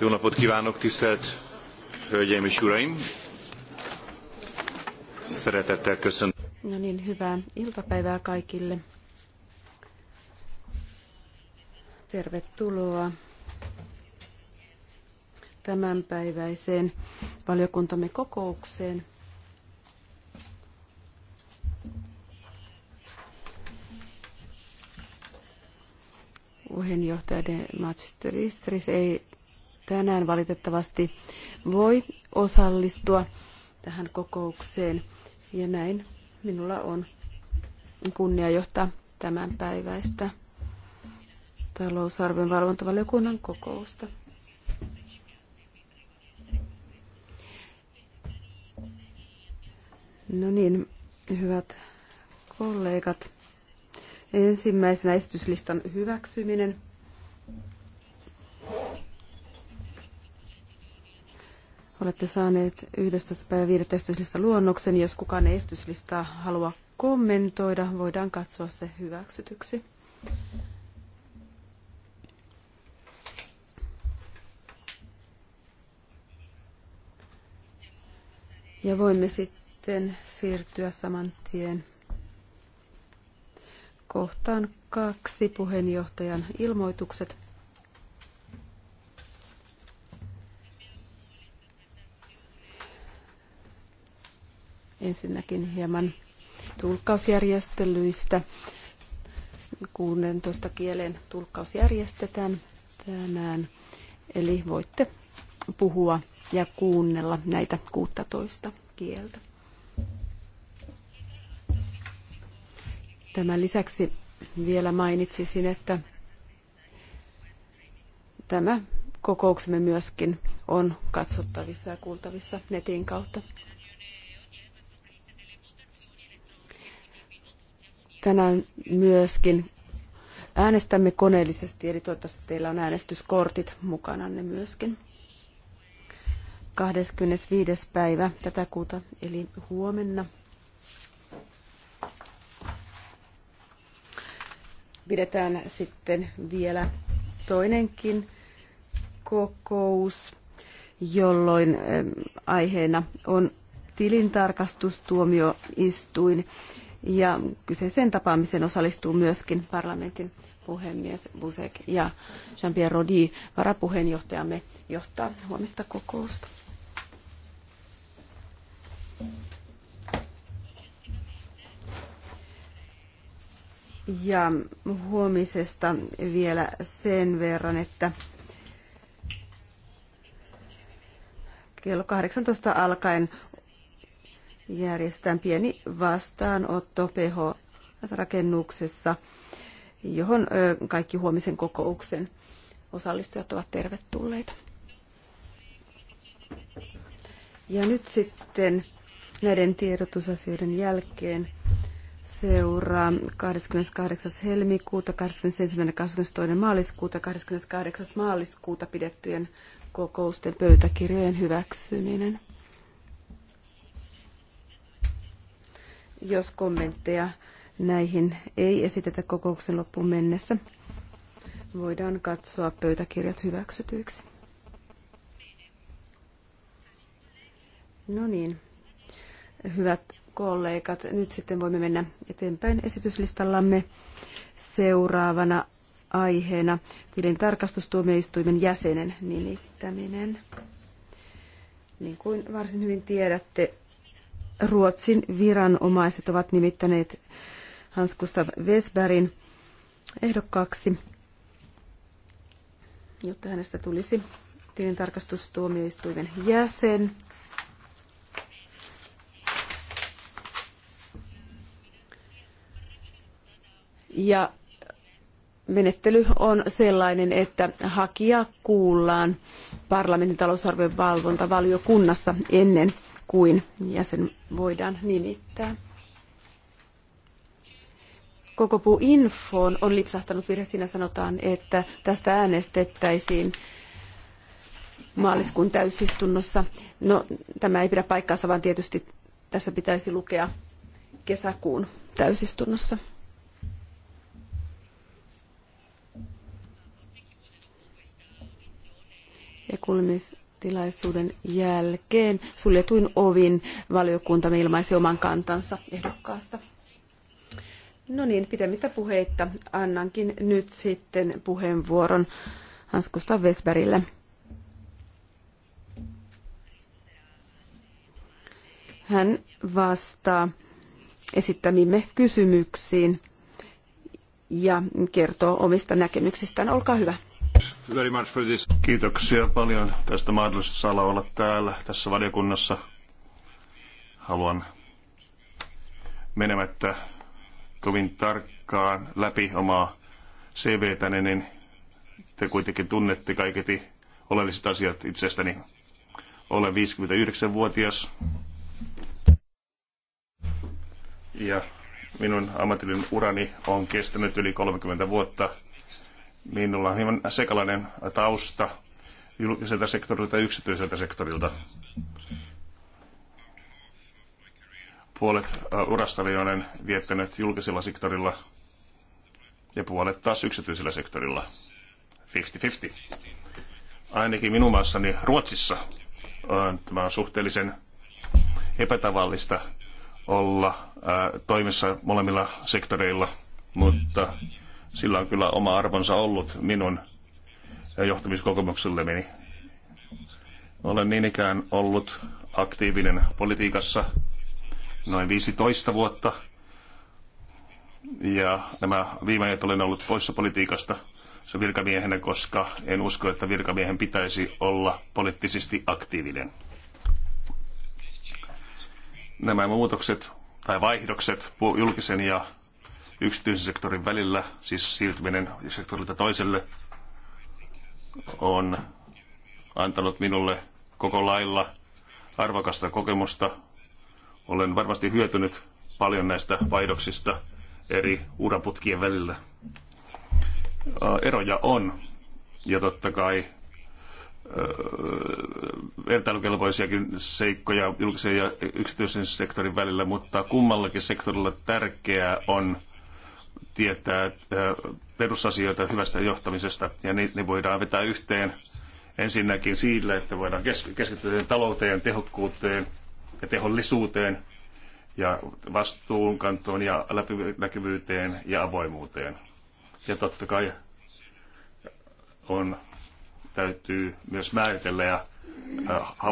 Jó napot kívánok, tisztelt Hölgyeim és Uraim! Szeretettel köszöntöm. No niin, hyvää iltapäivää kaikille. Tervetuloa tämänpäiväiseen valiokuntamme kokoukseen. Puheenjohtaja de Magistristris ei tänään valitettavasti voi osallistua tähän kokoukseen. Ja näin minulla on kunnia johtaa tämän päiväistä talousarvion valvontavaliokunnan kokousta. No niin, hyvät kollegat. Ensimmäisenä esityslistan hyväksyminen. Olette saaneet 11. päivä 5. luonnoksen. Jos kukaan ei esityslistaa halua kommentoida, voidaan katsoa se hyväksytyksi. Ja voimme sitten siirtyä saman tien kohtaan kaksi puheenjohtajan ilmoitukset. Ensinnäkin hieman tulkkausjärjestelyistä. 16 kielen tulkkaus järjestetään tänään, eli voitte puhua ja kuunnella näitä 16 kieltä. Tämän lisäksi vielä mainitsisin, että tämä kokouksemme myöskin on katsottavissa ja kuultavissa netin kautta. Tänään myöskin äänestämme koneellisesti, eli toivottavasti teillä on äänestyskortit mukananne myöskin. 25. päivä tätä kuuta, eli huomenna. Pidetään sitten vielä toinenkin kokous, jolloin aiheena on tilintarkastustuomioistuin ja kyseiseen tapaamiseen osallistuu myöskin parlamentin puhemies Busek ja Jean-Pierre Rodi, varapuheenjohtajamme, johtaa huomista kokousta. Ja huomisesta vielä sen verran, että kello 18 alkaen järjestetään pieni vastaanotto PH-rakennuksessa, johon kaikki huomisen kokouksen osallistujat ovat tervetulleita. Ja nyt sitten näiden tiedotusasioiden jälkeen seuraa 28. helmikuuta, 21. ja 22. maaliskuuta, 28. maaliskuuta pidettyjen kokousten pöytäkirjojen hyväksyminen. jos kommentteja näihin ei esitetä kokouksen loppuun mennessä, voidaan katsoa pöytäkirjat hyväksytyiksi. No niin, hyvät kollegat, nyt sitten voimme mennä eteenpäin esityslistallamme seuraavana aiheena tilintarkastustuomioistuimen jäsenen nimittäminen. Niin kuin varsin hyvin tiedätte, Ruotsin viranomaiset ovat nimittäneet Hans Gustav Vesbergin ehdokkaaksi, jotta hänestä tulisi tilintarkastustuomioistuimen jäsen. Ja menettely on sellainen, että hakija kuullaan parlamentin talousarvion valvontavaliokunnassa ennen kuin jäsen voidaan nimittää. Koko puu infoon on lipsahtanut virhe. Siinä sanotaan, että tästä äänestettäisiin maaliskuun täysistunnossa. No, tämä ei pidä paikkaansa, vaan tietysti tässä pitäisi lukea kesäkuun täysistunnossa. ja kuulemistilaisuuden jälkeen suljetuin ovin valiokuntamme ilmaisi oman kantansa ehdokkaasta. No niin, pitemmittä puheitta annankin nyt sitten puheenvuoron hanskusta Vesberille. Hän vastaa esittämimme kysymyksiin ja kertoo omista näkemyksistään. Olkaa hyvä. Very much for this. Kiitoksia paljon tästä mahdollisuudesta saada olla täällä tässä valiokunnassa. Haluan menemättä kovin tarkkaan läpi omaa CVtäni, niin te kuitenkin tunnette kaiketi oleelliset asiat itsestäni. Olen 59-vuotias ja minun ammatillinen urani on kestänyt yli 30 vuotta – Minulla on hieman sekalainen tausta julkiselta sektorilta ja yksityiseltä sektorilta. Puolet äh, urastani olen viettänyt julkisella sektorilla ja puolet taas yksityisellä sektorilla. 50-50. Ainakin minun maassani Ruotsissa on, äh, tämä on suhteellisen epätavallista olla ää, äh, toimissa molemmilla sektoreilla, mutta sillä on kyllä oma arvonsa ollut minun johtamiskokemuksellemini. Olen niin ikään ollut aktiivinen politiikassa noin 15 vuotta. Ja nämä viime ajat olen ollut poissa politiikasta se virkamiehenä, koska en usko, että virkamiehen pitäisi olla poliittisesti aktiivinen. Nämä muutokset tai vaihdokset julkisen ja yksityisen sektorin välillä, siis siirtyminen sektorilta toiselle, on antanut minulle koko lailla arvokasta kokemusta. Olen varmasti hyötynyt paljon näistä vaihdoksista eri uraputkien välillä. Eroja on, ja totta kai vertailukelpoisiakin seikkoja julkisen ja yksityisen sektorin välillä, mutta kummallakin sektorilla tärkeää on tietää äh, perusasioita hyvästä johtamisesta ja ne, voidaan vetää yhteen ensinnäkin sillä, että voidaan keskittyä talouteen, tehokkuuteen ja tehollisuuteen ja vastuunkantoon ja läpinäkyvyyteen ja avoimuuteen. Ja totta kai on, täytyy myös määritellä ja äh, ha,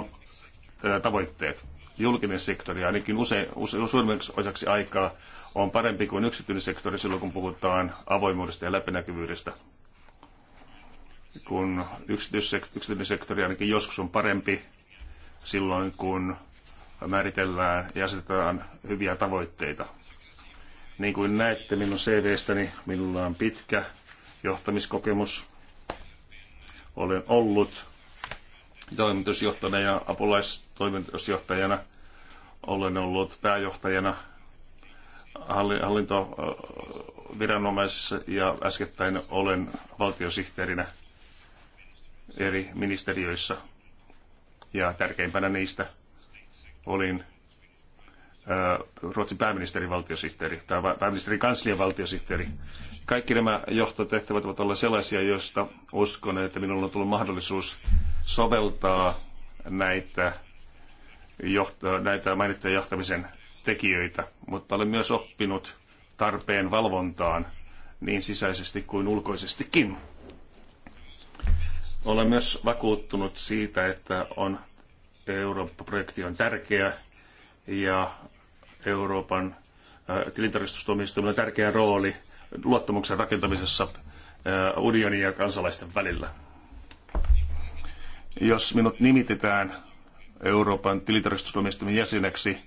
äh, tavoitteet. Julkinen sektori ainakin usein, usein, usein osaksi aikaa on parempi kuin yksityinen sektori silloin, kun puhutaan avoimuudesta ja läpinäkyvyydestä. Kun yksityinen sektori ainakin joskus on parempi silloin, kun määritellään ja asetetaan hyviä tavoitteita. Niin kuin näette minun CV: CV-stäni, minulla on pitkä johtamiskokemus. Olen ollut toimitusjohtajana ja apulaistoimitusjohtajana. Olen ollut pääjohtajana hallintoviranomaisissa ja äskettäin olen valtiosihteerinä eri ministeriöissä. Ja tärkeimpänä niistä olin Ruotsin pääministerin valtiosihteeri tai pääministerin kanslian valtiosihteeri. Kaikki nämä johtotehtävät ovat olla sellaisia, joista uskon, että minulla on tullut mahdollisuus soveltaa näitä, johto, näitä mainittuja johtamisen tekijöitä, mutta olen myös oppinut tarpeen valvontaan niin sisäisesti kuin ulkoisestikin. Olen myös vakuuttunut siitä, että on Eurooppa-projekti on tärkeä ja Euroopan äh, tilintarkastustuomioistuimen on tärkeä rooli luottamuksen rakentamisessa äh, unionin ja kansalaisten välillä. Jos minut nimitetään Euroopan tilintarkastustuomioistuimen jäseneksi,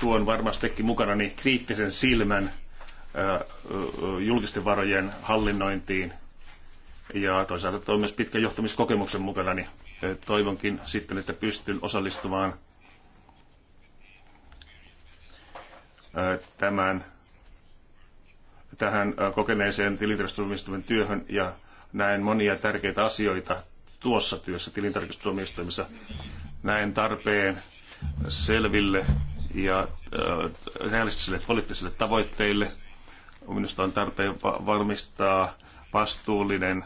tuon varmastikin mukana niin kriittisen silmän julkisten varojen hallinnointiin ja toisaalta tuon myös pitkän johtamiskokemuksen mukana, niin toivonkin sitten, että pystyn osallistumaan tämän, tähän kokeneeseen tilintarkastustuomioistuimen työhön ja näen monia tärkeitä asioita tuossa työssä tilintarkastustuomioistuimessa. Näen tarpeen selville ja äh, realistisille poliittisille tavoitteille. Minusta on tarpeen varmistaa vastuullinen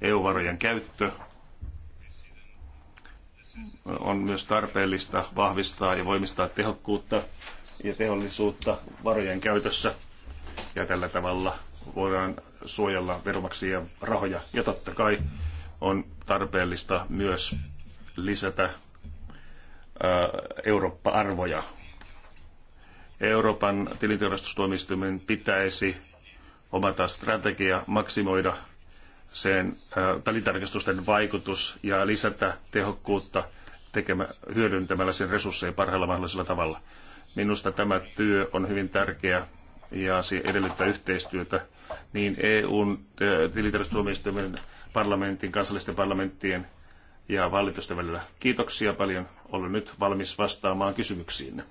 EU-varojen käyttö. On myös tarpeellista vahvistaa ja voimistaa tehokkuutta ja tehollisuutta varojen käytössä. Ja tällä tavalla voidaan suojella veronmaksajien rahoja. Ja totta kai on tarpeellista myös lisätä Eurooppa-arvoja. Euroopan tilintarkastustuomioistuimen pitäisi omata strategia maksimoida sen tilintarkastusten vaikutus ja lisätä tehokkuutta tekemä, hyödyntämällä sen resursseja parhaalla mahdollisella tavalla. Minusta tämä työ on hyvin tärkeä ja se edellyttää yhteistyötä niin EUn tilintarkastustuomioistuimen parlamentin, kansallisten parlamenttien ja valitusten välillä. Kiitoksia paljon. Olen nyt valmis vastaamaan kysymyksiinne.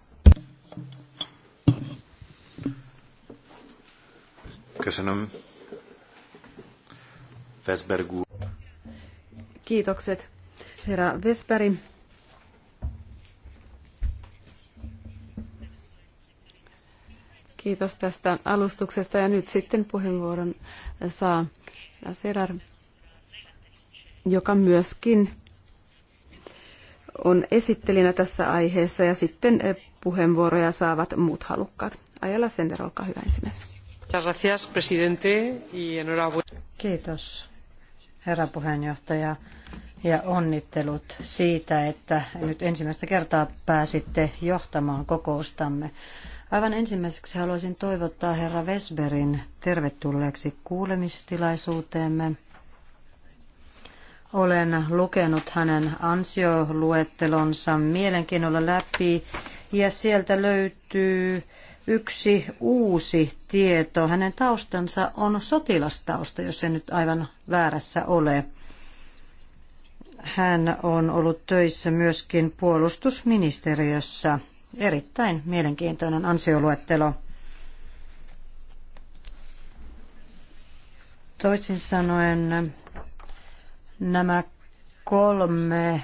Kiitokset, herra Vesberg. Kiitos tästä alustuksesta ja nyt sitten puheenvuoron saa Serar, joka myöskin on esittelinä tässä aiheessa ja sitten eh, puheenvuoroja saavat muut halukkaat. Ajala Sender, olkaa hyvä ensimmäisenä. Kiitos, herra puheenjohtaja, ja onnittelut siitä, että nyt ensimmäistä kertaa pääsitte johtamaan kokoustamme. Aivan ensimmäiseksi haluaisin toivottaa herra Vesberin tervetulleeksi kuulemistilaisuuteemme. Olen lukenut hänen ansioluettelonsa mielenkiinnolla läpi ja sieltä löytyy yksi uusi tieto. Hänen taustansa on sotilastausta, jos en nyt aivan väärässä ole. Hän on ollut töissä myöskin puolustusministeriössä. Erittäin mielenkiintoinen ansioluettelo. Toisin sanoen nämä kolme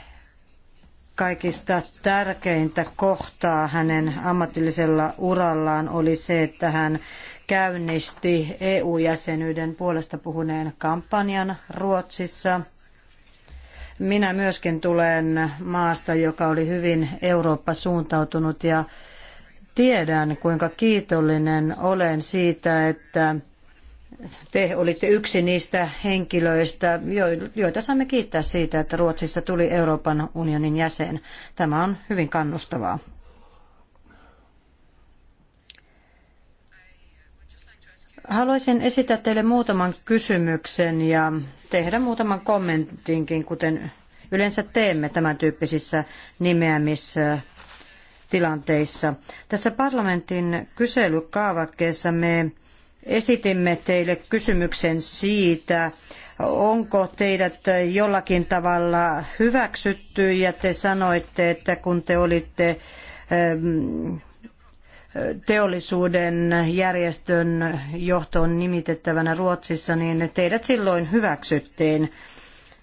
kaikista tärkeintä kohtaa hänen ammatillisella urallaan oli se, että hän käynnisti EU-jäsenyyden puolesta puhuneen kampanjan Ruotsissa. Minä myöskin tulen maasta, joka oli hyvin Eurooppa-suuntautunut ja tiedän, kuinka kiitollinen olen siitä, että te olitte yksi niistä henkilöistä, joita saimme kiittää siitä, että Ruotsista tuli Euroopan unionin jäsen. Tämä on hyvin kannustavaa. Haluaisin esittää teille muutaman kysymyksen ja tehdä muutaman kommentinkin, kuten yleensä teemme tämän tyyppisissä nimeämistilanteissa. Tässä parlamentin kyselykaavakkeessa me esitimme teille kysymyksen siitä, onko teidät jollakin tavalla hyväksytty ja te sanoitte, että kun te olitte ähm, teollisuuden järjestön johtoon nimitettävänä Ruotsissa, niin teidät silloin hyväksyttiin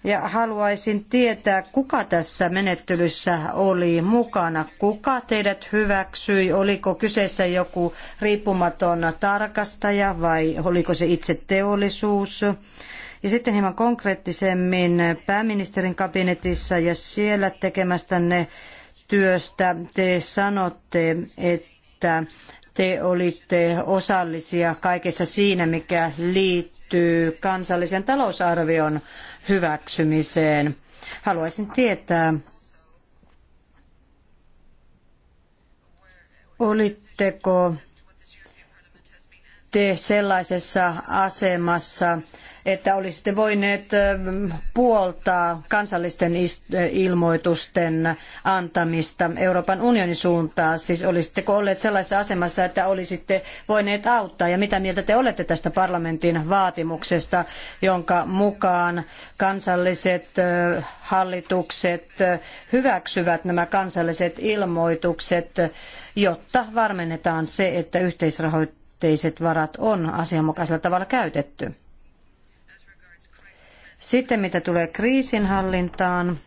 ja haluaisin tietää, kuka tässä menettelyssä oli mukana, kuka teidät hyväksyi, oliko kyseessä joku riippumaton tarkastaja vai oliko se itse teollisuus. Ja sitten hieman konkreettisemmin pääministerin kabinetissa ja siellä tekemästänne työstä te sanotte, että te olitte osallisia kaikessa siinä, mikä liittyy kansallisen talousarvion hyväksymiseen. Haluaisin tietää, olitteko te sellaisessa asemassa, että olisitte voineet ähm, puoltaa kansallisten äh, ilmoitusten antamista Euroopan unionin suuntaan? Siis olisitteko olleet sellaisessa asemassa, että olisitte voineet auttaa? Ja mitä mieltä te olette tästä parlamentin vaatimuksesta, jonka mukaan kansalliset äh, hallitukset äh, hyväksyvät nämä kansalliset ilmoitukset, jotta varmennetaan se, että yhteisrahoitteiset varat on asianmukaisella tavalla käytetty? Sitten mitä tulee kriisinhallintaan,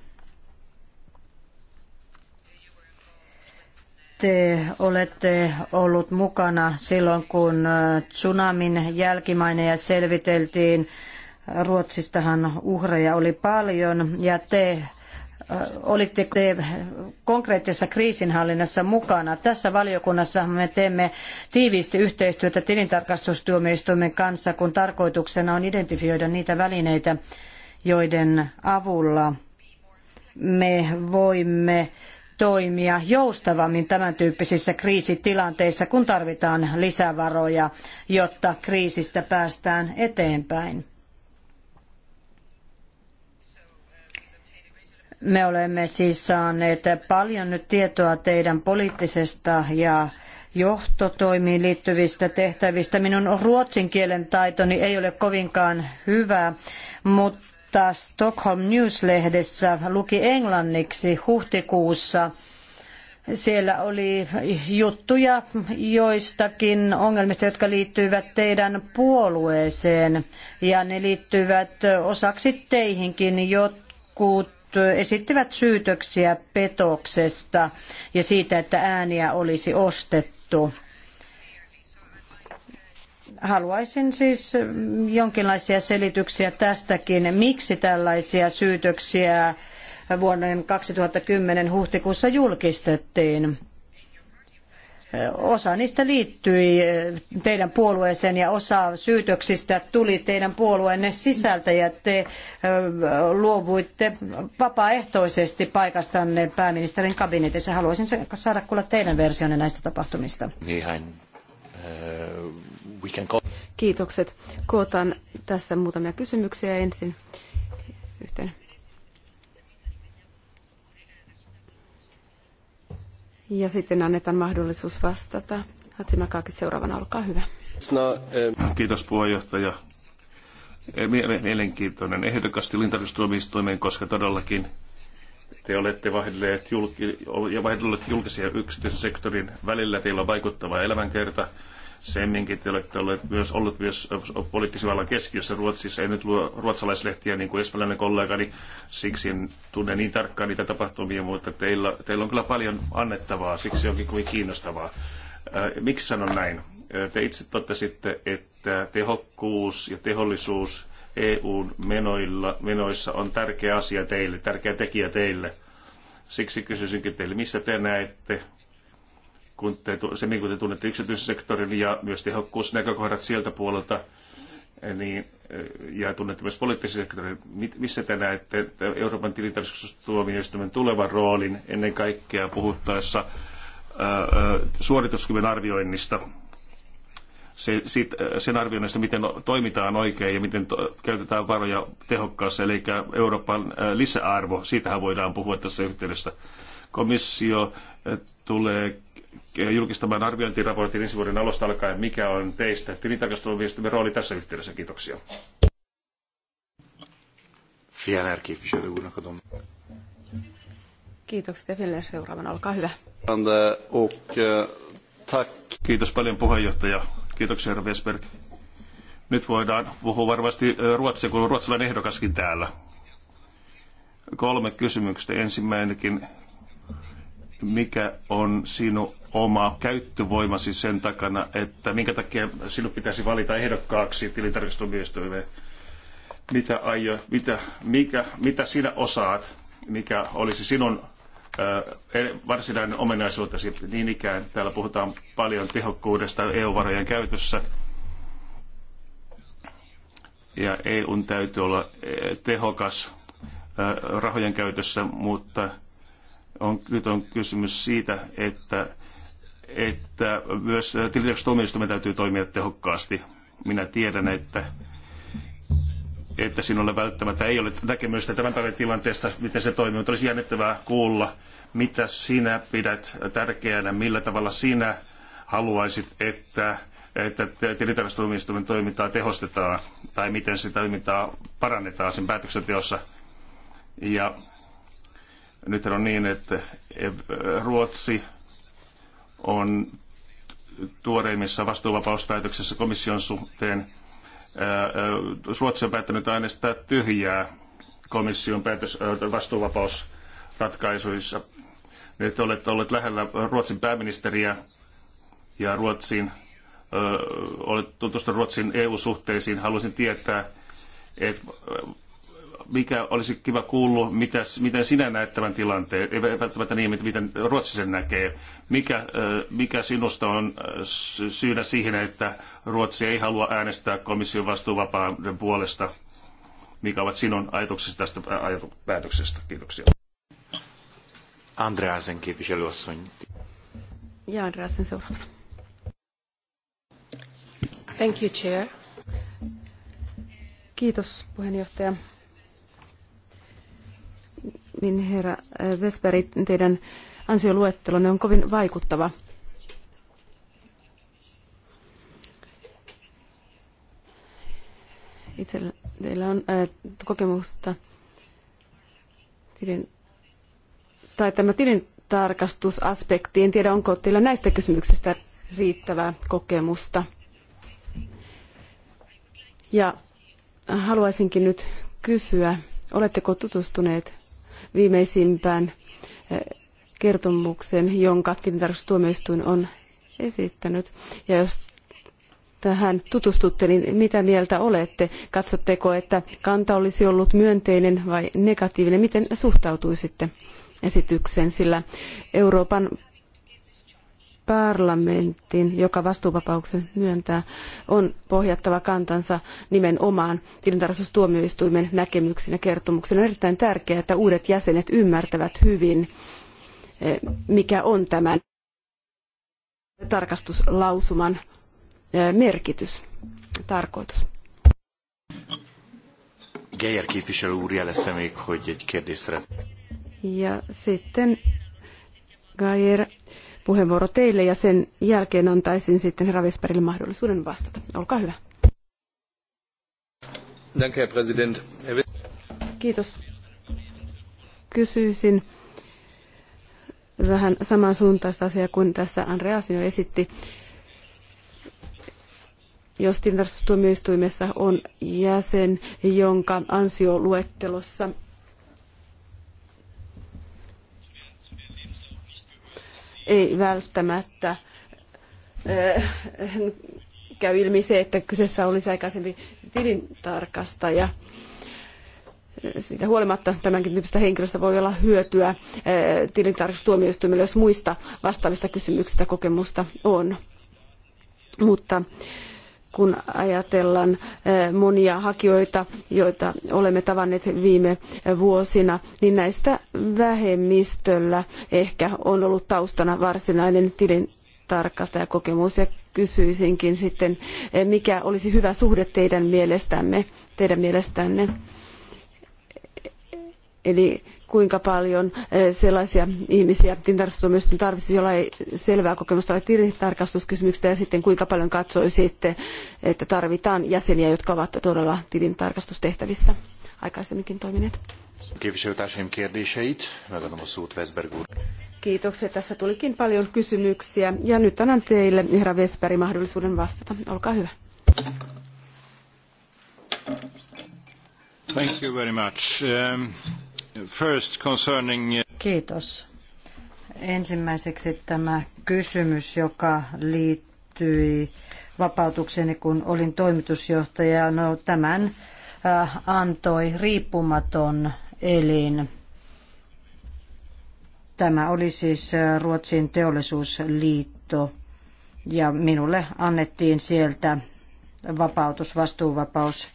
te olette ollut mukana silloin, kun tsunamin jälkimaineja selviteltiin. Ruotsistahan uhreja oli paljon ja te olitte konkreettisessa kriisinhallinnassa mukana. Tässä valiokunnassa me teemme tiiviisti yhteistyötä tilintarkastustuomioistuimen kanssa, kun tarkoituksena on identifioida niitä välineitä, joiden avulla me voimme toimia joustavammin tämän tyyppisissä kriisitilanteissa, kun tarvitaan lisävaroja, jotta kriisistä päästään eteenpäin. Me olemme siis saaneet paljon nyt tietoa teidän poliittisesta ja johtotoimiin liittyvistä tehtävistä. Minun ruotsin kielen taitoni ei ole kovinkaan hyvä, mutta Stockholm News-lehdessä luki englanniksi huhtikuussa siellä oli juttuja joistakin ongelmista, jotka liittyivät teidän puolueeseen ja ne liittyvät osaksi teihinkin. Jotkut esittivät syytöksiä petoksesta ja siitä, että ääniä olisi ostettu. Haluaisin siis jonkinlaisia selityksiä tästäkin, miksi tällaisia syytöksiä vuoden 2010 huhtikuussa julkistettiin. Osa niistä liittyi eh, teidän puolueeseen ja osa syytöksistä tuli teidän puolueenne sisältä ja te eh, luovuitte vapaaehtoisesti paikastanne pääministerin kabinetissa. Haluaisin saada kuulla teidän versionne näistä tapahtumista. Eh, Kiitokset. Kootaan tässä muutamia kysymyksiä ensin yhteen. Ja sitten annetaan mahdollisuus vastata. Hatsimakaakin seuraavana, olkaa hyvä. Eh, Kiitos puheenjohtaja. Eh, mielenkiintoinen ehdokas tilintarkastustuomioistuimeen, koska todellakin te olette vaihdelleet, julki, ja vaihdelleet julkisen yksityisen sektorin välillä. Teillä on vaikuttava elämänkerta Semminkin te olette olleet myös, ollut myös poliittisen vallan keskiössä Ruotsissa. En nyt luo ruotsalaislehtiä niin kuin espanjalainen niin siksi en tunne niin tarkkaan niitä tapahtumia, mutta teillä, teillä on kyllä paljon annettavaa, siksi onkin kovin kiinnostavaa. Miksi sanon näin? Te itse totesitte, että tehokkuus ja tehollisuus EUn menoilla, menoissa on tärkeä asia teille, tärkeä tekijä teille. Siksi kysyisinkin teille, missä te näette kun te, niin kuin te tunnette yksityisen sektorin ja myös tehokkuusnäkökohdat sieltä puolelta, eh, niin, eh, ja tunnette myös poliittisen sektorin, missä te näette Euroopan tilintarkastustuomioistuimen tulevan roolin ennen kaikkea puhuttaessa eh, suorituskyvyn arvioinnista, se, siitä, sen arvioinnista, miten toimitaan oikein ja miten to, käytetään varoja tehokkaassa, eli Euroopan lisäarvo, siitähän voidaan puhua tässä yhteydessä. Komissio tulee julkistamaan arviointiraportin ensi vuoden alusta alkaen. Mikä on teistä tilintarkasteluviestimen rooli tässä yhteydessä? Kiitoksia. Kiitokset ja seuraavana, olkaa hyvä. Eh, Kiitos paljon puheenjohtaja. Kiitoksia herra Vesberg. Nyt voidaan puhua varmasti eh, ruotsia, kun ruotsalainen ehdokaskin täällä. Kolme kysymystä. Ensimmäinenkin, mikä on sinun oma käyttövoimasi sen takana, että minkä takia sinut pitäisi valita ehdokkaaksi tilintarkastustuomioistuimeen? Mitä, aio, mitä, mikä, mitä sinä osaat, mikä olisi sinun e, varsinainen ominaisuutesi niin ikään. Täällä puhutaan paljon tehokkuudesta EU-varojen käytössä. Ja EUn täytyy olla e, tehokas rahojen käytössä, mutta on, nyt on kysymys siitä, että, että myös tilintarkastustuomioistuimen täytyy toimia tehokkaasti. Minä tiedän, että että sinulle välttämättä ei ole näkemystä tämän päivän tilanteesta, miten se toimii, mutta olisi jännittävää kuulla, mitä sinä pidät tärkeänä, millä tavalla sinä haluaisit, että, että tilintarkastustuomioistuimen toimintaa tehostetaan tai miten sitä toimintaa parannetaan sen päätöksenteossa. Ja nyt on niin, että Ruotsi on tuoreimmissa vastuuvapauspäätöksissä komission suhteen. Ruotsi on päättänyt äänestää tyhjää komission päätös, vastuuvapausratkaisuissa. Nyt olet ollut lähellä Ruotsin pääministeriä ja Ruotsin, olet tutustunut Ruotsin EU-suhteisiin. Haluaisin tietää, että mikä olisi kiva kuulla, mitä, miten sinä näet tämän tilanteen, ei välttämättä niin, miten Ruotsi sen näkee. Mikä, mikä sinusta on syynä siihen, että Ruotsi ei halua äänestää komission vastuuvapauden puolesta? Mikä ovat sinun ajatuksesi tästä päätöksestä? Kiitoksia. Andreasen képviselőasszony. Ja Andreasen seuraavana. Thank you, Chair. Kiitos puheenjohtaja niin herra eh, Vesperi, teidän ansioluettelonne on kovin vaikuttava. itse teillä on eh, kokemusta tilin, tai tämä tilintarkastusaspekti. En tiedä, onko teillä näistä kysymyksistä riittävää kokemusta. Ja haluaisinkin nyt kysyä, oletteko tutustuneet viimeisimpään eh, kertomuksen, jonka tilintarkastustuomioistuin on esittänyt. Ja jos tähän tutustutte, niin mitä mieltä olette? Katsotteko, että kanta olisi ollut myönteinen vai negatiivinen? Miten suhtautuisitte esitykseen? Sillä Euroopan parlamentin, joka vastuuvapauksen myöntää, on pohjattava kantansa nimenomaan tilintarkastustuomioistuimen näkemyksiin ja kertomuksiin. On erittäin tärkeää, että uudet jäsenet ymmärtävät hyvin, eh, mikä on tämän tarkastuslausuman eh, merkitys, tarkoitus. Geyer képviselő úr jelezte még, hogy egy kérdésre. Ja sitten Geyer puheenvuoro teille ja sen jälkeen antaisin sitten herra Vesperille mahdollisuuden vastata. Olkaa hyvä. Kiitos. Kysyisin vähän samansuuntaista asiaa kuin tässä Andreas jo esitti. Jos tilintarkastustuomioistuimessa on jäsen, jonka ansioluettelossa ei välttämättä eh, käy ilmi se, että kyseessä olisi aikaisempi tilintarkastaja. Siitä huolimatta tämänkin tyyppistä henkilöstä voi olla hyötyä eh, tilintarkastustuomioistuimelle, jos muista vastaavista kysymyksistä kokemusta on. Mutta kun ajatellaan eh, monia hakijoita, joita olemme tavanneet viime vuosina, niin näistä vähemmistöllä ehkä on ollut taustana varsinainen tilintarkastajakokemus. Ja kysyisinkin sitten, eh, mikä olisi hyvä suhde teidän, mielestämme, teidän mielestänne. Eli kuinka paljon eh, sellaisia ihmisiä tilintarkastustuomioistuin tarvitsisi, joilla ei selvää kokemusta ole tilintarkastuskysymyksistä, ja sitten kuinka paljon katsoisitte, että tarvitaan jäseniä, jotka ovat todella tilintarkastustehtävissä aikaisemminkin toimineet. Képviselőtársaim Kiitoksia. Tässä tulikin paljon kysymyksiä. Ja nyt annan teille, herra Vesperi, mahdollisuuden vastata. Olkaa hyvä. Thank you very much. Um... First concerning... Uh, Kiitos. Ensimmäiseksi tämä kysymys, joka liittyi vapautukseni, kun olin toimitusjohtaja. No, tämän äh, antoi riippumaton elin. Tämä oli siis äh, Ruotsin teollisuusliitto ja minulle annettiin sieltä vapautus, vastuuvapaus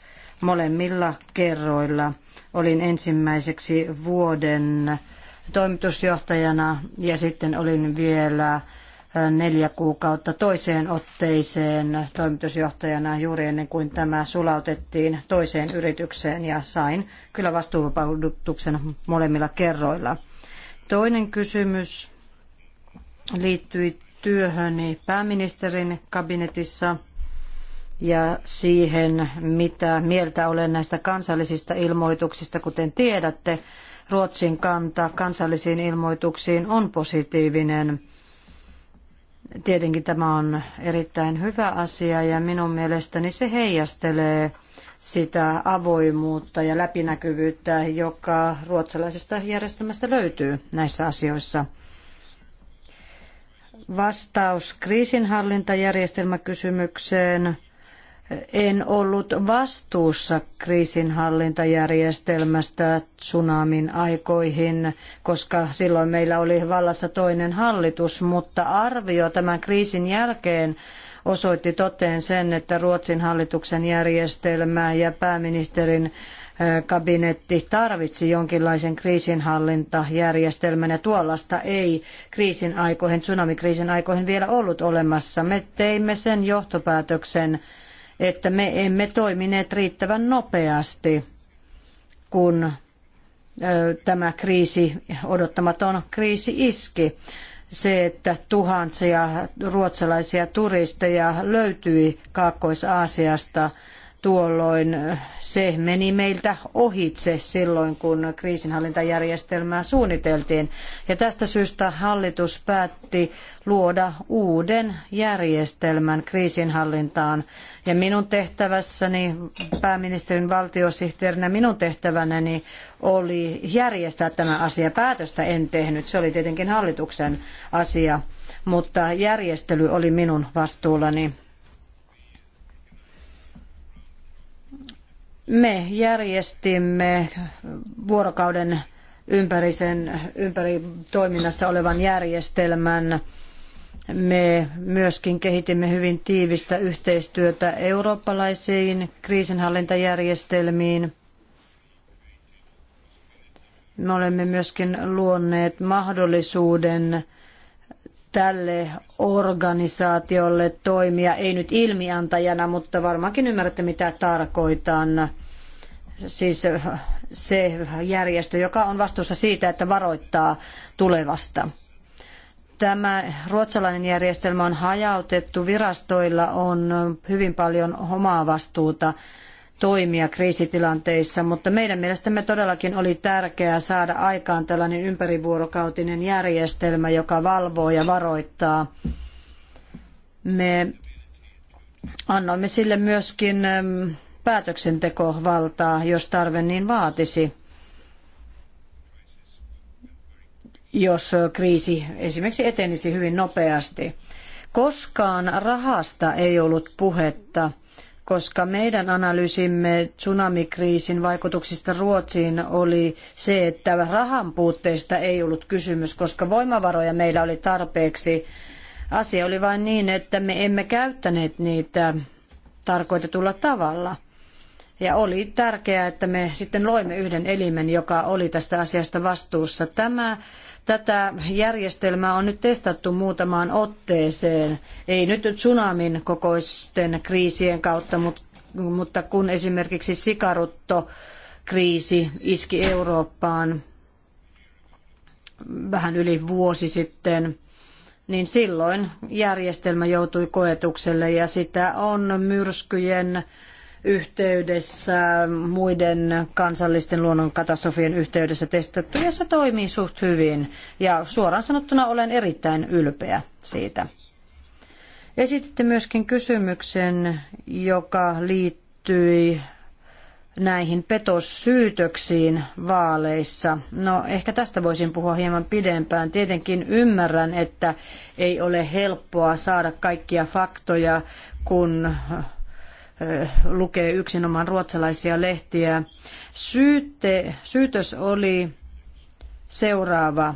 molemmilla kerroilla. Olin ensimmäiseksi vuoden toimitusjohtajana ja sitten olin vielä äh, neljä kuukautta toiseen otteeseen toimitusjohtajana juuri ennen kuin tämä sulautettiin toiseen yritykseen ja sain kyllä vastuuvapautuksen molemmilla kerroilla. Toinen kysymys liittyi työhöni pääministerin kabinetissa – ja siihen, mitä mieltä olen näistä kansallisista ilmoituksista. Kuten tiedätte, Ruotsin kanta kansallisiin ilmoituksiin on positiivinen. Tietenkin tämä on erittäin hyvä asia ja minun mielestäni se heijastelee sitä avoimuutta ja läpinäkyvyyttä, joka ruotsalaisesta järjestelmästä löytyy näissä asioissa. Vastaus kriisinhallintajärjestelmäkysymykseen en ollut vastuussa kriisinhallintajärjestelmästä tsunamin aikoihin, koska silloin meillä oli vallassa toinen hallitus, mutta arvio tämän kriisin jälkeen osoitti toteen sen, että Ruotsin hallituksen järjestelmä ja pääministerin kabinetti tarvitsi jonkinlaisen kriisinhallintajärjestelmän ja tuollaista ei kriisin aikoihin, tsunamikriisin aikoihin vielä ollut olemassa. Me teimme sen johtopäätöksen, että me emme toimineet riittävän nopeasti, kun tämä kriisi, odottamaton kriisi iski. Se, että tuhansia ruotsalaisia turisteja löytyi Kaakkois-Aasiasta – tuolloin se meni meiltä ohitse silloin, kun kriisinhallintajärjestelmää suunniteltiin. Ja tästä syystä hallitus päätti luoda uuden järjestelmän kriisinhallintaan. Ja minun tehtävässäni, pääministerin valtiosihteerinä, minun tehtävänäni oli järjestää tämä asia. Päätöstä en tehnyt, se oli tietenkin hallituksen asia, mutta järjestely oli minun vastuullani. Me järjestimme vuorokauden ympärisen, ympäri toiminnassa olevan järjestelmän. Me myöskin kehitimme hyvin tiivistä yhteistyötä eurooppalaisiin kriisinhallintajärjestelmiin. Me olemme myöskin luonneet mahdollisuuden tälle organisaatiolle toimia, ei nyt ilmiantajana, mutta varmaankin ymmärrätte mitä tarkoitan. Siis se järjestö, joka on vastuussa siitä, että varoittaa tulevasta. Tämä ruotsalainen järjestelmä on hajautettu, virastoilla on hyvin paljon omaa vastuuta toimia kriisitilanteissa, mutta meidän mielestämme todellakin oli tärkeää saada aikaan tällainen ympärivuorokautinen järjestelmä, joka valvoo ja varoittaa. Me annoimme sille myöskin ähm, päätöksentekovaltaa, jos tarve niin vaatisi. jos kriisi esimerkiksi etenisi hyvin nopeasti. Koskaan rahasta ei ollut puhetta koska meidän analyysimme tsunamikriisin vaikutuksista Ruotsiin oli se, että rahan puutteista ei ollut kysymys, koska voimavaroja meillä oli tarpeeksi. Asia oli vain niin, että me emme käyttäneet niitä tarkoitetulla tavalla. Ja oli tärkeää, että me sitten loimme yhden elimen, joka oli tästä asiasta vastuussa. Tämä Tätä järjestelmää on nyt testattu muutamaan otteeseen, ei nyt tsunamin kokoisten kriisien kautta, mutta kun esimerkiksi sikarutto kriisi iski Eurooppaan vähän yli vuosi sitten, niin silloin järjestelmä joutui koetukselle ja sitä on myrskyjen yhteydessä, muiden kansallisten luonnonkatastrofien yhteydessä testattu ja se toimii suht hyvin. Ja suoraan sanottuna olen erittäin ylpeä siitä. Esititte myöskin kysymyksen, joka liittyi näihin petossyytöksiin vaaleissa. No ehkä tästä voisin puhua hieman pidempään. Tietenkin ymmärrän, että ei ole helppoa saada kaikkia faktoja, kun lukee yksinomaan ruotsalaisia lehtiä. syytös oli seuraava.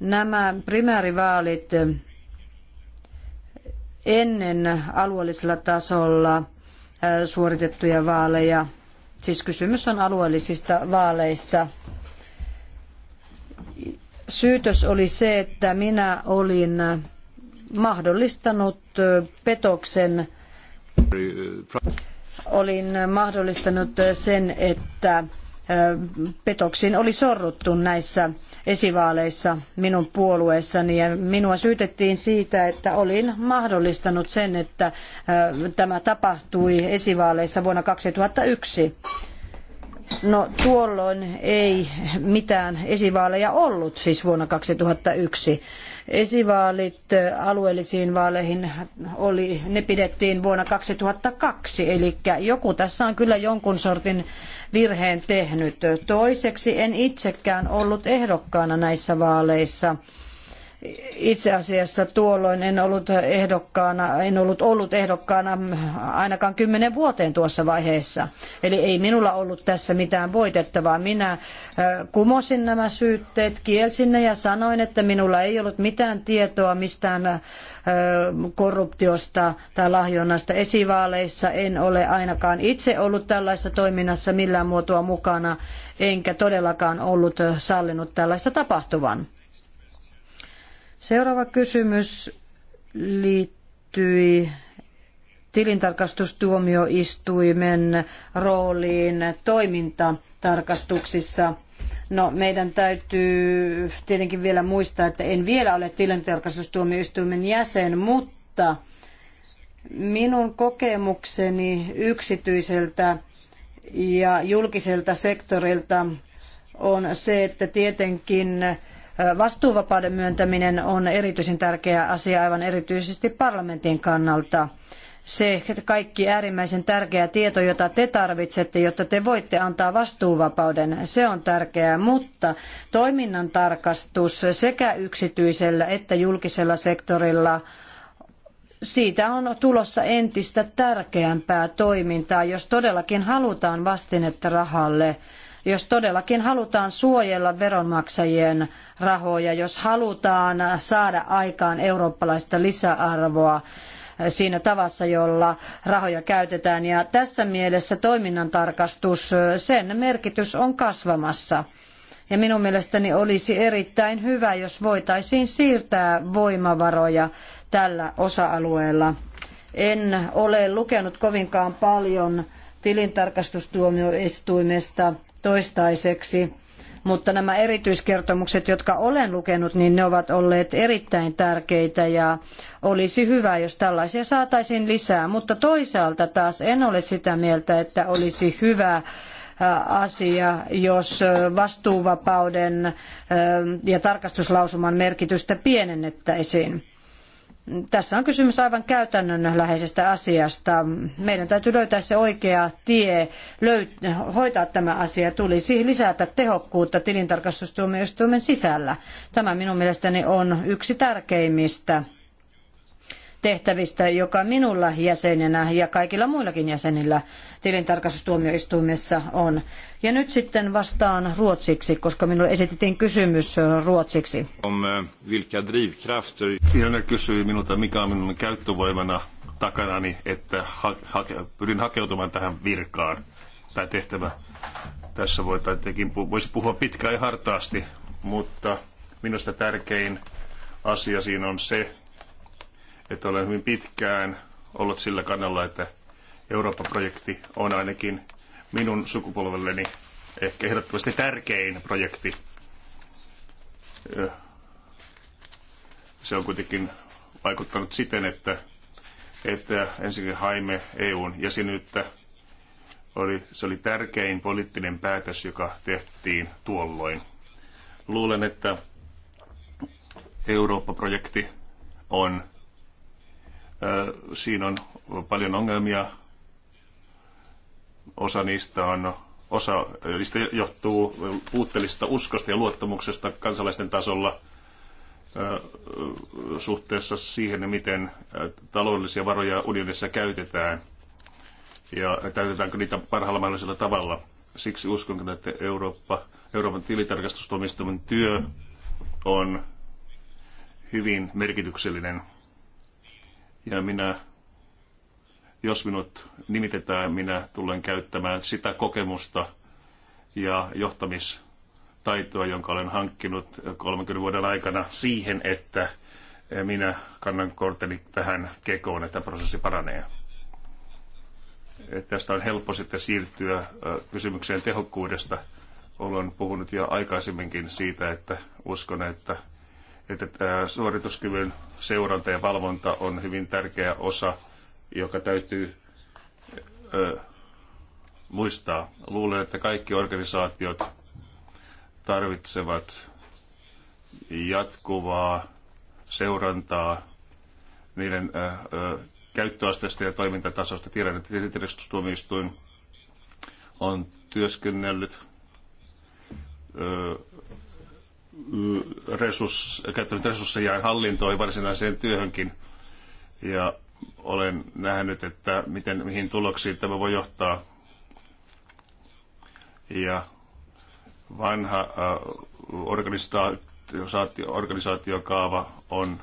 Nämä primäärivaalit ennen alueellisella tasolla suoritettuja vaaleja. Siis kysymys on alueellisista vaaleista. Syytös oli se, että minä olin mahdollistanut petoksen Olin mahdollistanut sen, että petoksiin oli sorruttu näissä esivaaleissa minun puolueessani ja minua syytettiin siitä, että olin mahdollistanut sen, että tämä tapahtui esivaaleissa vuonna 2001. No tuolloin ei mitään esivaaleja ollut siis vuonna 2001. Esivaalit eh, alueellisiin vaaleihin oli, ne pidettiin vuonna 2002, eli joku tässä on kyllä jonkun sortin virheen tehnyt. Toiseksi en itsekään ollut ehdokkaana näissä vaaleissa. Itse asiassa tuolloin en ollut ehdokkaana, en ollut ollut ehdokkaana ainakaan kymmenen vuoteen tuossa vaiheessa. Eli ei minulla ollut tässä mitään voitettavaa. Minä äh, kumosin nämä syytteet, kielsin ne ja sanoin, että minulla ei ollut mitään tietoa mistään äh, korruptiosta tai lahjonnasta esivaaleissa. En ole ainakaan itse ollut tällaisessa toiminnassa millään muotoa mukana, enkä todellakaan ollut sallinut tällaista tapahtuvan. Seuraava kysymys liittyi tilintarkastustuomioistuimen rooliin toimintatarkastuksissa. No, meidän täytyy tietenkin vielä muistaa, että en vielä ole tilintarkastustuomioistuimen jäsen, mutta minun kokemukseni yksityiseltä ja julkiselta sektorilta on se, että tietenkin Vastuuvapauden myöntäminen on erityisen tärkeä asia aivan erityisesti parlamentin kannalta se kaikki äärimmäisen tärkeä tieto, jota te tarvitsette, jotta te voitte antaa vastuuvapauden. Se on tärkeää, mutta toiminnan tarkastus sekä yksityisellä että julkisella sektorilla siitä on tulossa entistä tärkeämpää toimintaa, jos todellakin halutaan vastinetta rahalle jos todellakin halutaan suojella veronmaksajien rahoja, jos halutaan saada aikaan eurooppalaista lisäarvoa, siinä tavassa, jolla rahoja käytetään. Ja tässä mielessä tarkastus sen merkitys on kasvamassa. Ja minun mielestäni olisi erittäin hyvä, jos voitaisiin siirtää voimavaroja tällä osa-alueella. En ole lukenut kovinkaan paljon tilintarkastustuomioistuimesta toistaiseksi mutta nämä erityiskertomukset, jotka olen lukenut, niin ne ovat olleet erittäin tärkeitä ja olisi hyvä, jos tällaisia saataisiin lisää. Mutta toisaalta taas en ole sitä mieltä, että olisi hyvä äh, asia, jos äh, vastuuvapauden äh, ja tarkastuslausuman merkitystä pienennettäisiin. Tässä on kysymys aivan käytännönläheisestä asiasta. Meidän täytyy löytää se oikea tie löyt- hoitaa tämä asia. Tulisi lisätä tehokkuutta tilintarkastustuomioistuimen sisällä. Tämä minun mielestäni on yksi tärkeimmistä tehtävistä, joka minulla jäsenenä ja kaikilla muillakin jäsenillä tilintarkastustuomioistuimessa on. Ja nyt sitten vastaan ruotsiksi, koska minulle esitettiin kysymys ruotsiksi. Om, eh, vilka drivkrafter... Fiona kysyi minulta, mikä on minun käyttövoimana takanani, että ha- ha- pyrin hakeutumaan tähän virkaan tai tehtävä. Tässä voi, tietenkin, voisi puhua pitkään ja hartaasti, mutta minusta tärkein asia siinä on se, että olen hyvin pitkään ollut sillä kannalla, että Eurooppa-projekti on ainakin minun sukupolvelleni ehkä ehdottomasti tärkein projekti. Se on kuitenkin vaikuttanut siten, että, että ensinnäkin haimme EUn jäsenyyttä. Oli, se oli tärkein poliittinen päätös, joka tehtiin tuolloin. Luulen, että Eurooppa-projekti on Siinä on paljon ongelmia. Osa niistä on osa niistä johtuu puutteellisesta uskosta ja luottamuksesta kansalaisten tasolla suhteessa siihen, miten taloudellisia varoja unionissa käytetään ja täytetäänkö niitä parhaalla mahdollisella tavalla. Siksi uskon, että Eurooppa, Euroopan tilitarkastustoimistomen työ on hyvin merkityksellinen – ja minä, jos minut nimitetään, minä tulen käyttämään sitä kokemusta ja johtamistaitoa, jonka olen hankkinut 30 vuoden aikana siihen, että minä kannan korteni tähän kekoon, että prosessi paranee. Tästä on helppo sitten siirtyä kysymykseen tehokkuudesta. Olen puhunut jo aikaisemminkin siitä, että uskon, että että suorituskyvyn seuranta ja valvonta on hyvin tärkeä osa, joka täytyy ö, muistaa. Luulen, että kaikki organisaatiot tarvitsevat jatkuvaa seurantaa niiden ö, ö, käyttöasteista ja toimintatasosta. Tiedän, että tietysti on työskennellyt ö, Mm, resurs, käyttänyt resurssejaan hallintoi varsinaiseen työhönkin. Ja olen nähnyt, että miten, mihin tuloksiin tämä voi johtaa. Ja vanha äh, organisaatiokaava on,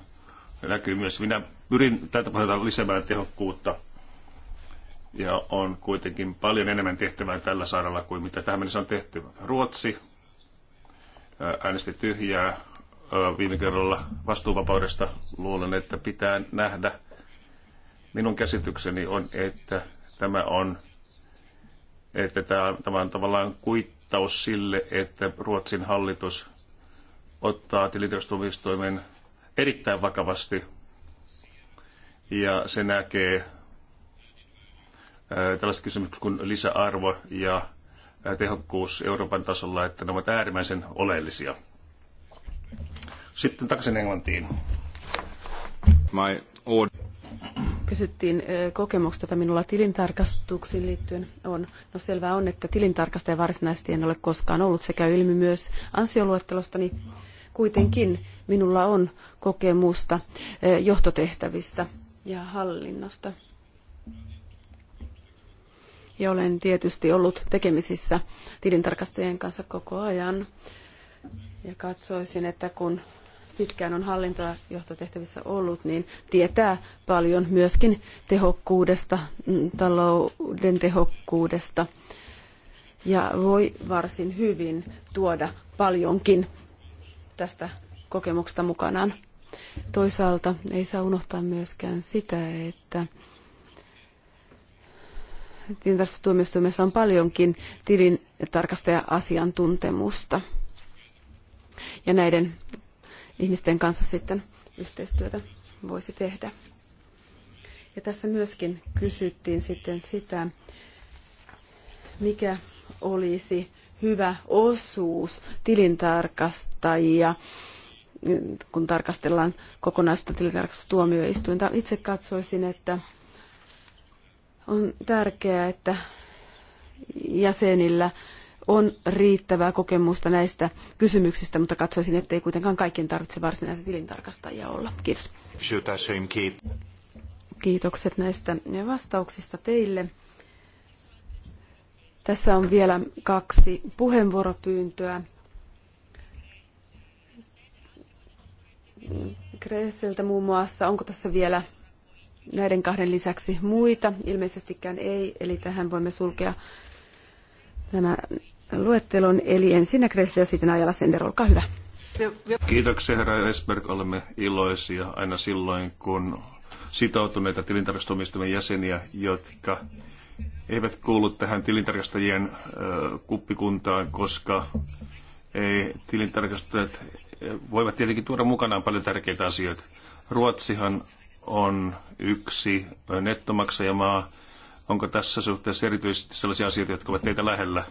näkyy myös. Minä pyrin tältä pohjalta lisäämään tehokkuutta ja on kuitenkin paljon enemmän tehtävää tällä saarella kuin mitä tähän mennessä on tehty. Ruotsi äänesti tyhjää viime kerralla vastuuvapaudesta. Luulen, että pitää nähdä. Minun käsitykseni on, että tämä on, että tämä on tavallaan kuittaus sille, että Ruotsin hallitus ottaa tilitystuomistoimen erittäin vakavasti ja se näkee tällaiset kysymykset kuin lisäarvo ja tehokkuus Euroopan tasolla, että ne ovat äärimmäisen oleellisia. Sitten takaisin Englantiin. My order. Kysyttiin kokemuksesta, jota minulla tilintarkastuksiin liittyen on. No selvää on, että tilintarkastaja varsinaisesti en ole koskaan ollut. sekä ilmi myös ansioluettelostani. Kuitenkin minulla on kokemusta johtotehtävissä ja hallinnosta ja olen tietysti ollut tekemisissä tilintarkastajien kanssa koko ajan. Ja katsoisin, että kun pitkään on hallintoa johtotehtävissä ollut, niin tietää paljon myöskin tehokkuudesta, mm, talouden tehokkuudesta ja voi varsin hyvin tuoda paljonkin tästä kokemuksesta mukanaan. Toisaalta ei saa unohtaa myöskään sitä, että tilintarkastustuomioistuimessa on paljonkin tilintarkastaja-asiantuntemusta. Ja näiden ihmisten kanssa sitten yhteistyötä voisi tehdä. Ja tässä myöskin kysyttiin sitten sitä, mikä olisi hyvä osuus tilintarkastajia, kun tarkastellaan kokonaista tilintarkastustuomioistuinta. Itse katsoisin, että on tärkeää, että jäsenillä on riittävää kokemusta näistä kysymyksistä, mutta katsoisin, ettei kuitenkaan kaikkien tarvitse varsinaisia tilintarkastajia olla. Kiitos. Kiitokset näistä vastauksista teille. Tässä on vielä kaksi puheenvuoropyyntöä. Kresseltä muun muassa, onko tässä vielä näiden kahden lisäksi muita. Ilmeisestikään ei, eli tähän voimme sulkea Tämä luettelon. Eli ensin Kressi ja sitten Ajala Sender, olkaa hyvä. Kiitoksia herra Esberg, olemme iloisia aina silloin, kun sitoutuneita tilintarkastomistamme jäseniä, jotka eivät kuulu tähän tilintarkastajien kuppikuntaan, koska ei, tilintarkastajat voivat tietenkin tuoda mukanaan paljon tärkeitä asioita. Ruotsihan on yksi nettomaksajamaa. Onko tässä suhteessa erityisesti sellaisia asioita, jotka ovat teitä lähellä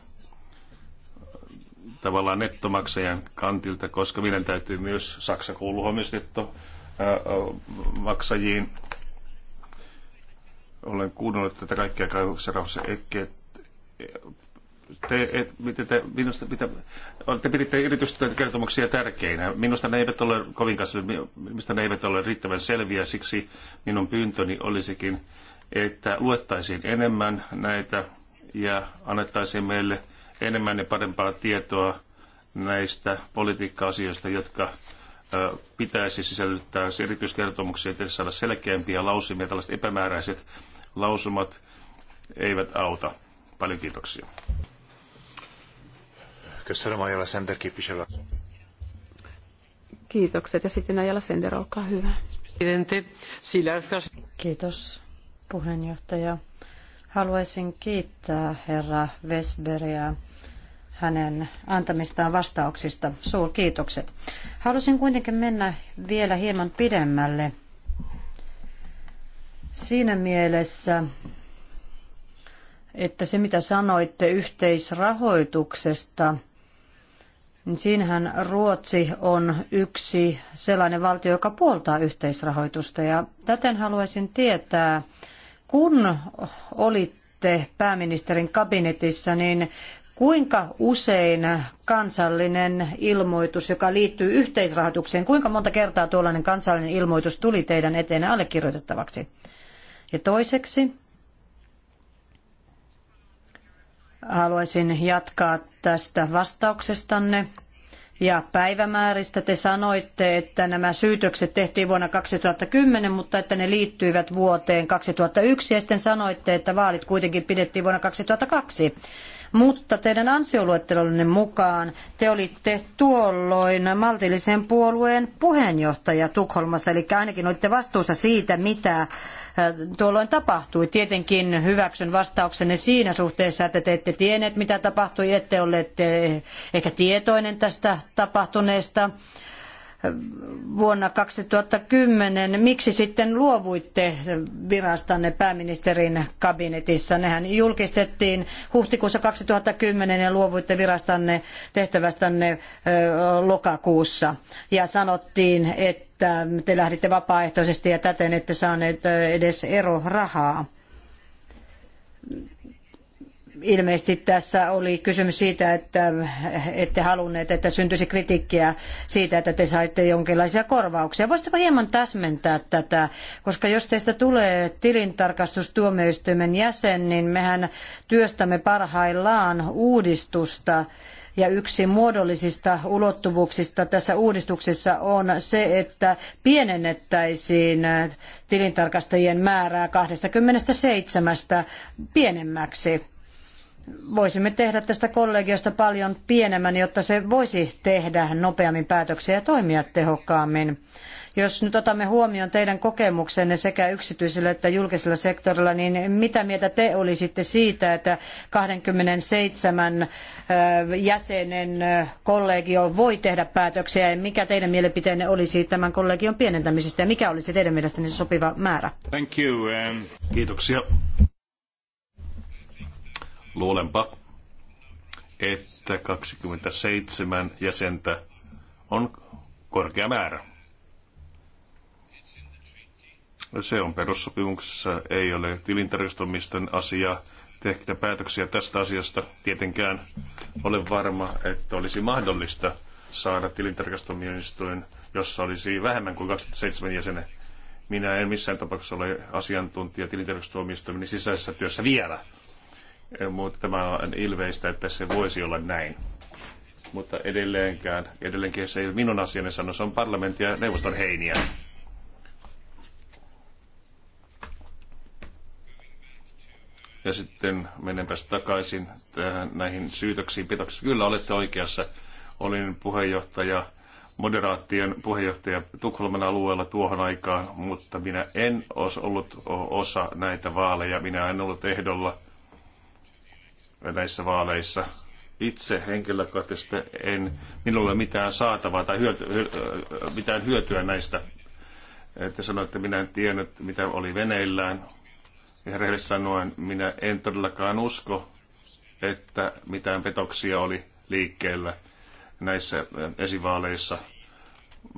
tavallaan nettomaksajan kantilta, koska meidän täytyy myös, Saksa kuuluu myös nettomaksajiin. Olen kuunnellut tätä kaikkea kaivoksen rauhassa, te, et, miten te, minusta, mitä, te piditte yritysten kertomuksia tärkeinä. Minusta ne eivät ole kovin minusta ne eivät ole riittävän selviä, siksi minun pyyntöni olisikin, että luettaisiin enemmän näitä ja annettaisiin meille enemmän ja parempaa tietoa näistä politiikka-asioista, jotka pitäisi sisällyttää erityiskertomuksia, että saada selkeämpiä lausumia. Tällaiset epämääräiset lausumat eivät auta. Paljon kiitoksia. Köszönöm Ajala Szender képviselő. Kiitokset ja sitten Ajala Szender, olkaa hyvä. Kiitos puheenjohtaja. Haluaisin kiittää herra Vesberia hänen antamistaan vastauksista. Suurkiitokset. Haluaisin kuitenkin mennä vielä hieman pidemmälle siinä mielessä, että se mitä sanoitte yhteisrahoituksesta – niin siinähän Ruotsi on yksi sellainen valtio, joka puoltaa yhteisrahoitusta. Ja täten haluaisin tietää, kun olitte pääministerin kabinetissa, niin kuinka usein kansallinen ilmoitus, joka liittyy yhteisrahoitukseen, kuinka monta kertaa tuollainen kansallinen ilmoitus tuli teidän eteen allekirjoitettavaksi? Ja toiseksi, Haluaisin jatkaa tästä vastauksestanne. Ja päivämääristä te sanoitte, että nämä syytökset tehtiin vuonna 2010, mutta että ne liittyivät vuoteen 2001 ja sitten sanoitte, että vaalit kuitenkin pidettiin vuonna 2002 mutta teidän ansioluettelonne mukaan te olitte tuolloin maltillisen puolueen puheenjohtaja Tukholmassa, eli ainakin olitte vastuussa siitä, mitä äh, tuolloin tapahtui. Tietenkin hyväksyn vastauksenne siinä suhteessa, että te ette tienneet, mitä tapahtui, ette olleet eh, ehkä tietoinen tästä tapahtuneesta vuonna 2010. Miksi sitten luovuitte virastanne pääministerin kabinetissa? Nehän julkistettiin huhtikuussa 2010 ja luovuitte virastanne tehtävästänne lokakuussa. Ja sanottiin, että te lähditte vapaaehtoisesti ja täten ette saaneet edes erorahaa ilmeisesti tässä oli kysymys siitä, että ette halunneet, että syntyisi kritiikkiä siitä, että te saitte jonkinlaisia korvauksia. Voisitteko hieman täsmentää tätä, koska jos teistä tulee tilintarkastustuomioistuimen jäsen, niin mehän työstämme parhaillaan uudistusta, ja yksi muodollisista ulottuvuuksista tässä uudistuksessa on se, että pienennettäisiin tilintarkastajien määrää 27 pienemmäksi voisimme tehdä tästä kollegiosta paljon pienemmän, jotta se voisi tehdä nopeammin päätöksiä ja toimia tehokkaammin. Jos nyt otamme huomioon teidän kokemuksenne sekä yksityisellä että julkisella sektorilla, niin mitä mieltä te olisitte siitä, että 27 jäsenen kollegio voi tehdä päätöksiä ja mikä teidän mielipiteenne olisi tämän kollegion pienentämisestä ja mikä olisi teidän mielestänne sopiva määrä? Thank you. Um, Kiitoksia. Luulenpa, että 27 jäsentä on korkea määrä. Se on perussopimuksessa, ei ole tilintarkastamisten asia tehdä päätöksiä tästä asiasta. Tietenkään olen varma, että olisi mahdollista saada tilintarkastomioistuin, jossa olisi vähemmän kuin 27 jäsenen. Minä en missään tapauksessa ole asiantuntija tilintarkastustuomioistuimen sisäisessä työssä vielä mutta tämä on ilveistä, että se voisi olla näin. Mutta edelleenkään, edelleenkin se ei ole minun asiani sanoa, se on parlamentin ja neuvoston heiniä. Ja sitten menenpä takaisin tähän, näihin syytöksiin petoksiin. Kyllä olette oikeassa. Olin puheenjohtaja, moderaattien puheenjohtaja Tukholman alueella tuohon aikaan, mutta minä en olisi ollut osa näitä vaaleja. Minä en ollut ehdolla – näissä vaaleissa. Itse henkilökohtaisesti en, minulla ole mitään saatavaa tai hyöty, mitään hyötyä näistä. Te sanoitte, minä en tiennyt, mitä oli veneillään. Ja rehellisesti sanoen, minä en todellakaan usko, että mitään petoksia oli liikkeellä näissä esivaaleissa.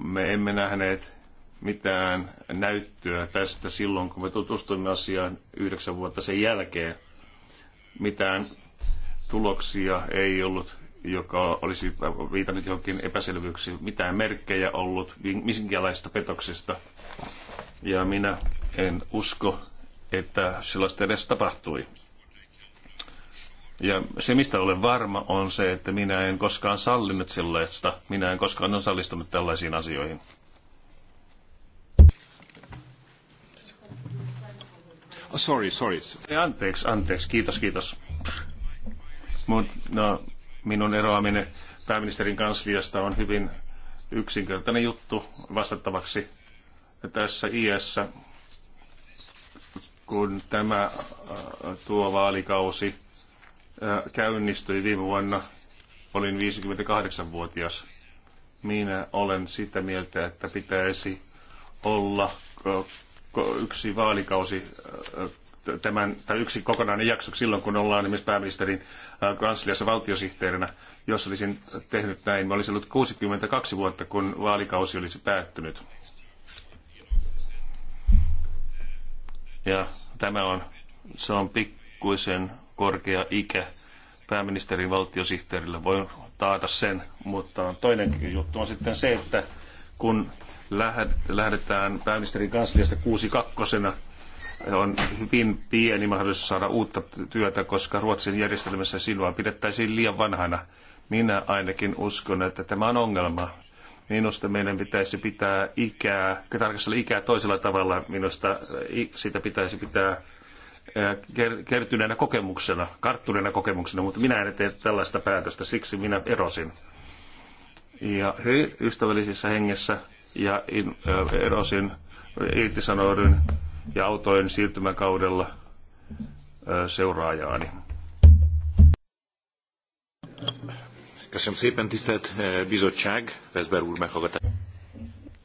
Me emme nähneet mitään näyttöä tästä silloin, kun me tutustuimme asiaan yhdeksän vuotta sen jälkeen. Mitään tuloksia ei ollut, joka olisi viitannut johonkin epäselvyyksiin, mitään merkkejä ollut, minkälaista petoksista. Ja minä en usko, että sellaista edes tapahtui. Ja se, mistä olen varma, on se, että minä en koskaan sallinut sellaista. Minä en koskaan osallistunut tällaisiin asioihin. Oh, sorry, sorry. Anteeksi, anteeksi. Kiitos, kiitos no, minun eroaminen pääministerin kansliasta on hyvin yksinkertainen juttu vastattavaksi tässä iässä, kun tämä äh, tuo vaalikausi äh, käynnistyi viime vuonna, olin 58-vuotias. Minä olen sitä mieltä, että pitäisi olla äh, yksi vaalikausi tämän, tai yksi kokonainen jakso silloin, kun ollaan esimerkiksi pääministerin kansliassa valtiosihteerinä, jos olisin tehnyt näin. Mä olisin ollut 62 vuotta, kun vaalikausi olisi päättynyt. Ja tämä on, se on pikkuisen korkea ikä pääministerin valtiosihteerille. Voin taata sen, mutta on toinenkin juttu on sitten se, että kun lähdetään pääministerin kansliasta 6.2 on hyvin pieni mahdollisuus saada uutta työtä, koska Ruotsin järjestelmässä sinua pidettäisiin liian vanhana. Minä ainakin uskon, että tämä on ongelma. Minusta meidän pitäisi pitää ikää, tarkastella ikää toisella tavalla. Minusta sitä pitäisi pitää kertyneenä kokemuksena, karttuneena kokemuksena, mutta minä en tee tällaista päätöstä, siksi minä erosin. Ja ystävällisissä hengessä ja erosin, irtisanouduin ja autojen siirtymäkaudella seuraajaani.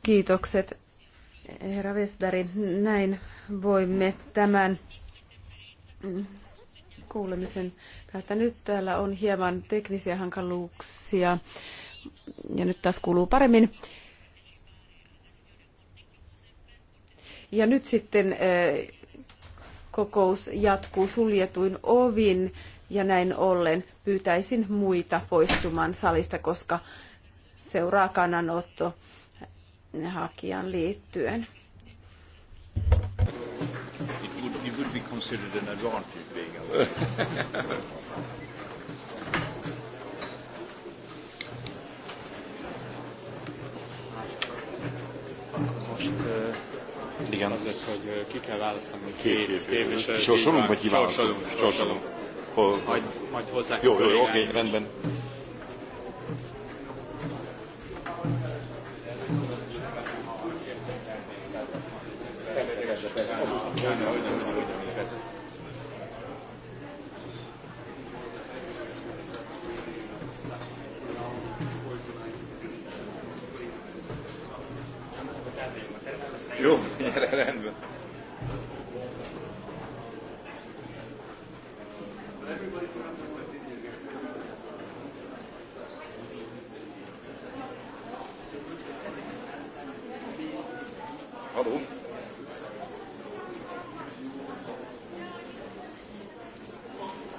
Kiitokset, herra Vesberg. Näin voimme tämän kuulemisen päättää. Nyt täällä on hieman teknisiä hankaluuksia ja nyt taas kuuluu paremmin. Ja nyt sitten eh, kokous jatkuu suljetuin ovin ja näin ollen pyytäisin muita poistumaan salista, koska seuraa kannanotto hakijan liittyen. It would, it would be considered an advantage being uh, Igen. az lesz, hogy ki kell választani két, két képviselőt. Sorsolunk, vagy kiválasztunk? Sorsolunk. Sorsolunk. Sorsolunk. Majd, majd hozzá. Jó, jó, oké, rendben.